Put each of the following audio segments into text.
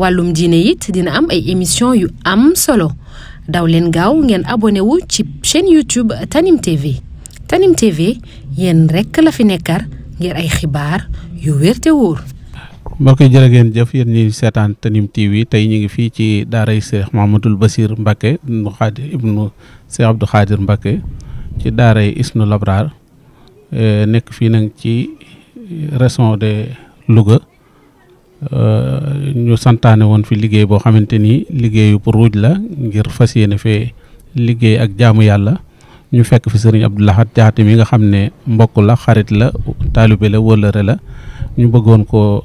wàllum diine it dina am ay émission yu am solo daw leen gaaw ngeen abonné wu ci chaîne YouTube Tanim TV Tanim TV yéen la fi nekkar ngir ay xibaar yu wér te wóor. mbokk yi jërë ngeen jëf yéen ñuy seetaan Tanim TV tey ñu ngi fii ci daaray Cheikh Mahamadoul Bassir Mbacké ibnu Xaadir ibnu Cheikh Abdou Xaadir Mbacké ci daaray Isnu Labrar eh, nekk fii nag ci région de Louga. ñu santaane woon fi liggéey boo xamante ni liggéeyu pour ruuj la ngir fas yéene fee liggéey ak jaamu yàlla ñu fekk fi sëriñ Abdou Lahad Jaxate mi nga xam ne mbokk la xarit la taalibe la wëllëre la ñu bëggoon ko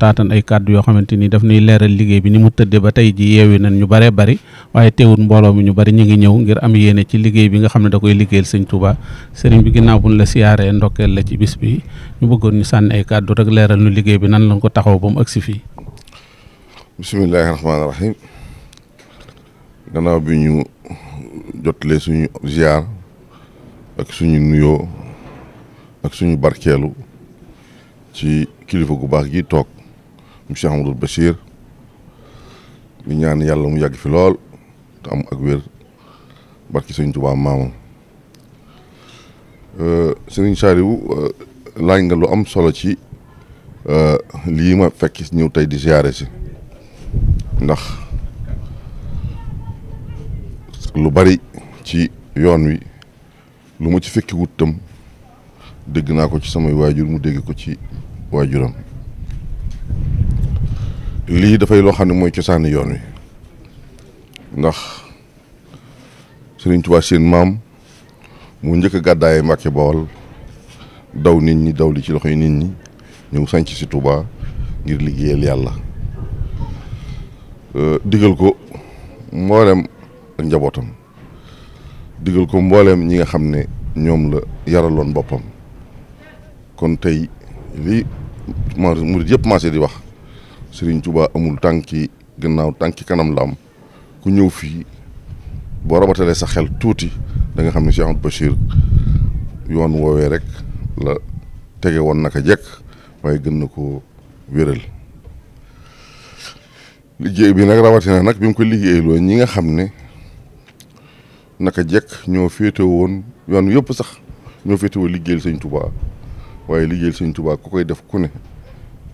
taatan ay kàddu yoo xamante ni daf nuy leeral liggéey bi ni mu tëddee ba tey ji yeewi nañ ñu bëree bari waaye teewul mbooloo mi ñu bari ñu ngi ñëw ngir am yéene ci liggéey bi nga xam ne da koy liggéeyal sëñ Touba sëriñ bi ginnaaw buñ la siyaaree ndokkeel la ci bis bi ñu bëggoon ñu sànni ay kàddu rek leeral nu liggéey bi nan lañ ko taxaw ba mu agsi fii bismillaahi rahmaani rahim bi ñu suñu ziar ak suñu nuyoo ak suñu barkeelu ci kilifa gu baax gi toog Cheikh Amadou Bachir ñu ñaan yàlla mu yàgg fi lool te am ak wér barki sëñ Tuubaa maamam euh, sëriñ Saaliwu euh, laaj nga lu am solo ci euh, lii ma fekk ñëw tey di siyaare si ndax lu bari ci yoon wi lu ma ci fekki wut tam dégg naa ko ci samay waajur mu dégg ko ci waajuram lii dafay loo xam ne mooy cosaanu yoon wi ndax Sëriñ Tuubaa seen maam mu njëkk gàddaay gàddaaye Mbàkke Bawol daw nit ñi daw li ci loxo yi nit ñi ñëw sañc si Tuubaa ngir liggéeyal yàlla euh, digal ko mboolem ak njabootam digal ko mbooleem ñi nga xam ne ñoom la yaraloon boppam kon tey lii murid yëpp maase di wax Serigne Touba amul tànki gannaaw tànki kanam la am ku ñëw fii boo rabatalee sa xel tuuti danga xam ne Cheikh Bachir yoon woowee rek la tege woon naka jekk waaye gën na ko wéral liggéey bi nag rawatina nag bi mu ko liggéeyloo ñi nga xam ne naka jekk ñoo féete woon yoon yëpp sax ñoo féete liggéey liggéeyal sëñ Touba waaye liggéeyal sëñ tubaa ku koy def ku ne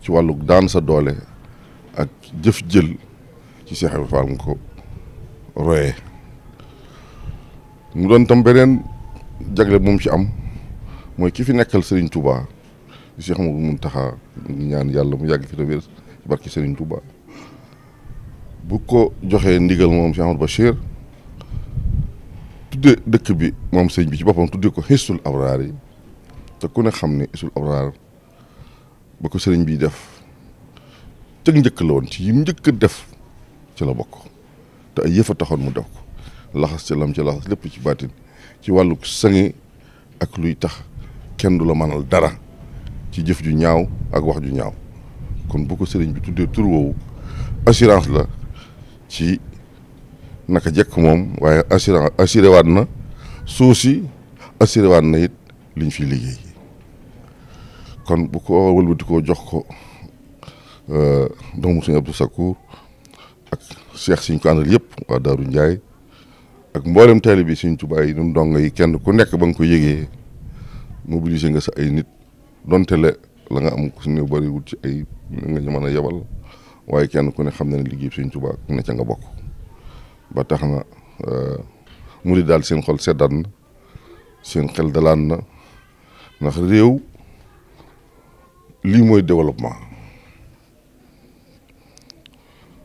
ci wàllu daan sa doole ak jëf jël ci Cheikh Ibra Fall nga ko royee mu doon tam beneen jagle moom ci am mooy ki fi nekkal Serigne Touba di Cheikh Mouhamadou Mountakha ngi ñaan yàlla mu yàgg fi te wér ci barki Serigne Touba bu ko joxee ndigal moom Cheikh Amadou Bachir tudde dëkk bi moom sëñ bi ci boppam tudde ko xisul abraar yi te ku ne xam ne xisul abraar ba ko sëriñ bi def cëg njëkk la woon yi mu njëkk def ci la bokk te ay yëf a taxoon mu def ko laxas ci lam ci laxas lépp ci baatin ci wàllu sange ak luy tax kenn du la manal dara ci jëf ju ñaaw ak wax ju ñaaw kon bu ko sëriñ bi tuddee tur woowu assurance la ci naka jekk moom waaye assurance assuré waat na suuf si assuré waat na it liñ fiy liggéey kon bu ko wëlbati koo jox ko Euh, doomu suñu Abdou Sakkour ak Cheikh siñ ko àndal yëpp waa Daaru Ndiaye ak mboolem taalibe bi suñ Tuubaa yi yi kenn ku nekk ba nga ko yëgee mobiliser nga sa ay nit donte la la nga am suñu bëriwul ci ay nga ñu mën a yebal waaye kenn ku ne xam na ne liggéey suñ Tuubaa ku ne ca nga bokk ba tax na euh, mu di daal seen xol seddan na seen xel dalaan na ndax réew lii mooy développement.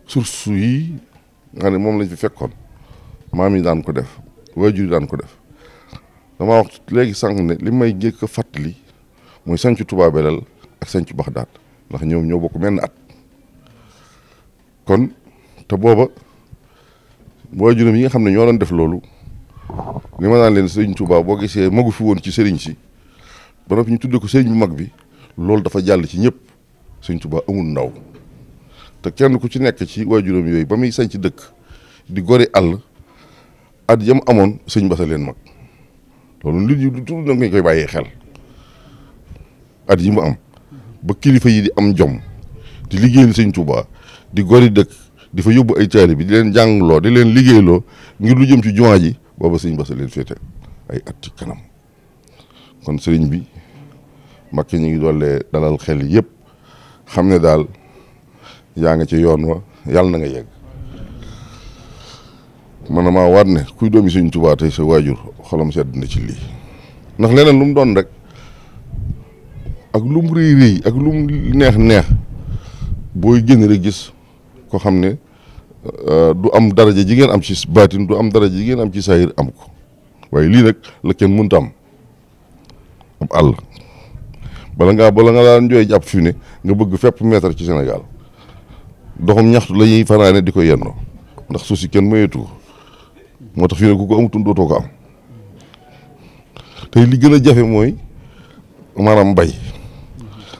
source yi nga ne moom lañ fi fekkoon maam yi daan ko def waajur yi daan ko def dama wax léegi sànq ne li may njëkk a fàttali mooy sanc Touba Belel ak sanc Baxdaad ndax ñëw ñoo bokk menn at kon te booba waajuram yi nga xam ne ñoo doon def loolu li ma daan leen sëriñ Touba boo gisee magu fi woon ci sëriñ si ba noppi ñu tudd ko sëriñ bu mag bi loolu dafa jàll ci ñëpp sëriñ Touba amul ndaw te kenn ku ci nekk ci waajuram yooyu ba muy sañ ci dëkk di gori àll at yam amoon sëñ basa leen mag loolu nit ñi tudd na nga koy bàyyee xel at yi mu am ba kilifa yi di am jom di liggéeyal sëñ Tuubaa di gori dëkk di fa yóbbu ay taalibe bi di leen jàngloo di leen liggéeyloo ngir lu jëm ci jumaa ji booba sëñ basa leen féete ay at ci kanam kon sëriñ bi Mbàkke ñu ngi doole dalal xel yépp xam ne daal yaa nga ci yoon wa yàlla na nga yegg man na maa waat ne kuy doomi Sëñ Tuubaa tey sa waajur xolam sedd na ci lii ndax leneen lu mu doon rek ak lu mu rëy ak lu neex neex booy génn rek gis ko xam ne euh, du am daraja ji ngeen am ci baatin du am daraja ji ngeen am ci saayir am ko waaye lii nag la kenn mënta am am àll bala ngaa bala nga daan jooy jàpp fi ne nga bëgg fépp mètre ci senegal doxum ñaxtu la ñuy fanaane di ko yendoo ndax suuf si kenn mayeetu ko moo tax fii ne ku ko amatul dootoo ko am te li gën a jafe mooy maanaam bay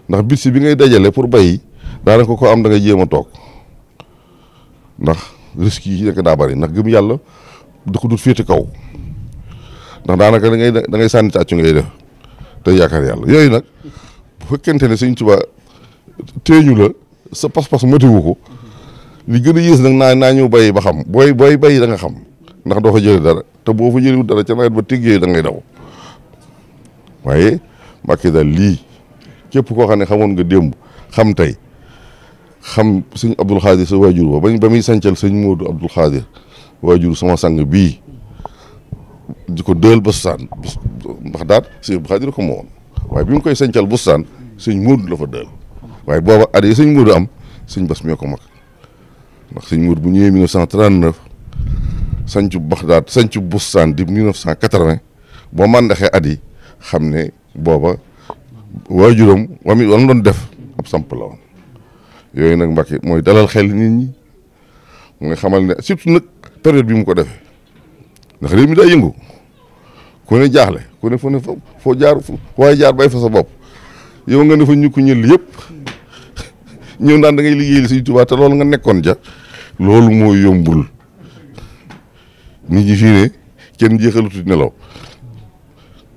ndax bit si bi ngay dajale pour bay daanaka ko ko am dangay nga jéem a toog ndax risque yi ci nekk daa bari ndax gëm yàlla da ko dut féete kaw ndax daanaka da ngay da ngay sànni tàccu ngay de te yaakaar yàlla yooyu nag bu fekkente ne Sëñ Tuubaa teeñu la. sa pas-pas matiwu ko li gën a yées naa naa ñëw bàyyi ba xam booy booy bàyyi da nga xam ndax doo fa jëlee dara te boo fa jëliwul dara ca nawet ba teg yooyu da ngay daw waaye Mbàkke daal lii képp koo xam ne xamoon nga démb xam tey xam sëñ Abdul Xaadir sa waajur ba ba muy sancal sëñ Moodu Abdul Xaadir waajur sama sang bii di ko dël bustaan ndax daal sëñ Abdul Xaadir ko moowoon waaye bi mu koy sancal bustaan sëñ Moodu la fa dël waaye booba at yi suñ muudu am suñ bas mee ko mag ndax suñ muudu bu ñëwee 1939 sancu Baxdaad sancu Bustaan di 1980 boo màndaxee at yi xam ne booba waajuram wam wam doon def ab samp la yooyu nag Mbàkke mooy dalal xel nit ñi mooy xamal ne surtout nag période bi mu ko defee ndax réew mi daa yëngu ku ne jaaxle ku foo jaar waaye jaar bay fa sa bopp nga ne fa ñu ko ñël yëpp ñëw naan da ngay liggéeyal Sëñ Tuubaa te loolu nga nekkoon ja loolu moo yombul nit ñi fii ne kenn jeexalutu nelaw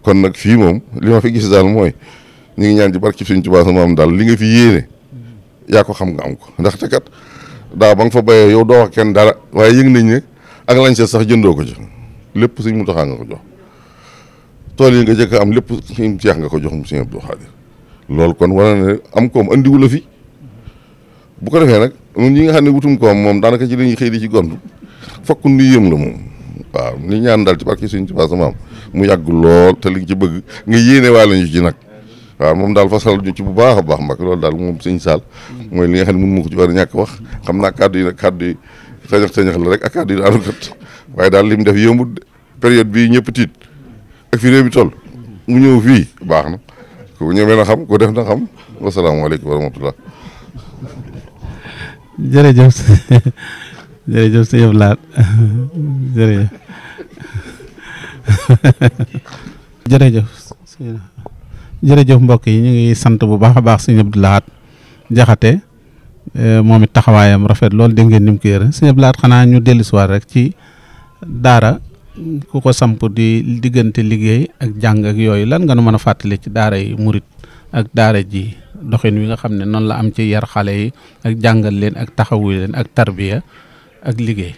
kon nag fii moom li ma fi gis daal mooy ñu ngi ñaan ci barke Sëñ Tuubaa sama am daal li nga fi yéene yaa ko xam nga am ko ndaxte kat daa ba nga fa bayee yow doo kenn dara waaye yëg nañ ne ak lañ seet sax jëndoo ko ci lépp Sëñ mu nga ko jox tool yi nga jëkk am lépp Sëñ Seex nga ko jox mu Sëñ Abdou Xaadir loolu kon war na ne am koom andiwu la fi bu ko defee nag ñun ñi nga xam ne wutum koom moom daanaka ci lañuy xëy di ci gont fokk nu yëm la moom waaw ni ñaan dal ci barke Sëriñ Tuubaa sama am mu yàgg lool te li ci bëgg nga yéene waale ñu ci nag waaw moom daal fasal ñu ci bu baax baax mbak loolu daal moom Sëriñ Saal mooy li nga xam ne mun ma ko ci war a wax xam naa kàddu yi nag kàddu la rek ak kàddu yi daanu kat waaye daal li mu def yombut période bii ñëpp tiit ak fi réew mu ñëw fii baax na ku ñëwee na xam ku def na xam wasalaamaaleykum wa rahmatullah jërëjëf jërëjëf si jërëjëf jërëjëf mbokk yi ñu ngi sant bu baax a baax sëñ Abdou Lahad Jaxate eh, moom it taxawaayam rafet loolu dégg ngeen ni mu ko yëre xanaa ñu dellu si rek ci daara ku ko samp di diggante liggéey ak jàng ak yooyu lan nga nu mën a fàttali ci daara yi murit ak daara ji doxin wi nga xam ne noonu la am ci yar xale yi ak jàngal leen ak taxawu leen ak tarbiya ak liggéey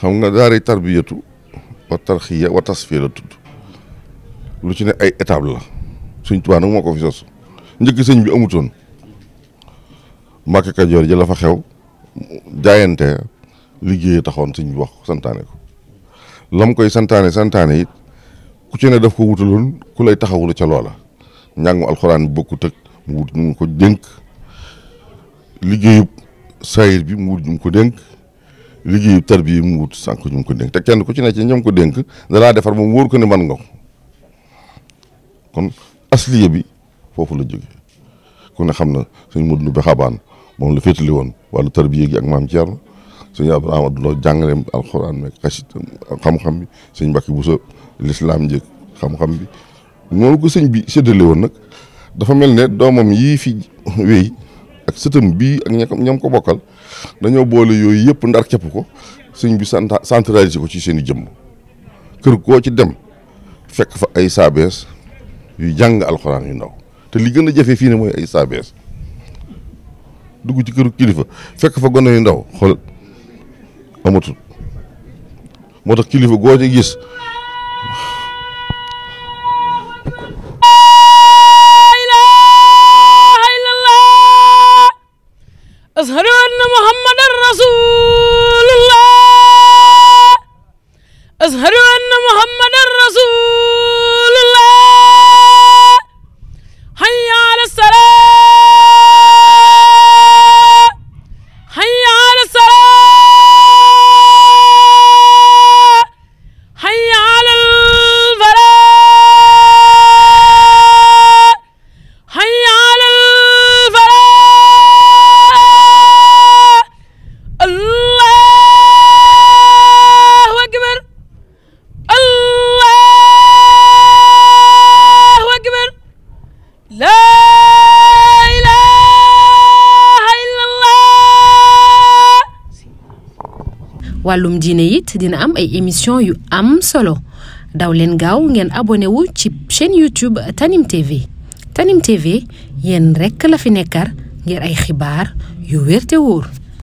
xam nga daaray tarbiyatu wa tarxiya wa tasfiya la tudd lu ci ne ay étape la Sëñ Tuubaa nag ko fi sos njëkk sëñ bi amutoon Mbàkke Kajoor ji la fa xew jaayante liggéey taxoon suñ bi wax santaane ko lam koy santaane santaane it ku ci ne daf ko wutaloon ku lay taxawulu ca loola njàngum alxuraan bi bokkut ak mu wut ñu ko dénk liggéeyub sayir bi mu wut ñu ko dénk liggéeyub tarbiya bi mu wut sànq ñu ko dénk te kenn ku ci ne ci ñam ko dénk danaa defar moom wóor ko ne man nga ko kon asliya bi foofu la jóge ku ne xam na suñ mudlu bi xabaan moom la féetali woon wàllu tarbiya gi ak maam Thierno suñu Abraham Abdoulaye jàngaleem alxuraan meeg xasit xam-xam bi suñ mbakki bu lislaam njëkk xam-xam bi noonu ko sëñ bi séddale woon nag dafa mel ne doomam yii fi wéy ak sëtam bii ak ñam ko bokkal dañoo boole yooyu yëpp ndar képp ko sëñ bi centralisé ko ci seeni i jëmm kër goo ci dem fekk fa ay saabees yu jàng alxuraan yu ndaw te li gën a jafe fii ne mooy ay saabees dugg ci këru kilifa fekk fa gone yu ndaw xool amatul moo tax kilifa goo ci gis ashhadu anna muhammadan rasulullah ashhadu wàllum diine it dina am ay émission yu am solo daw leen gaaw ngeen abonné wu ci chaîne YouTube Tanim TV Tanim TV rekk la fi nekkar ngir ay xibaar yu wér te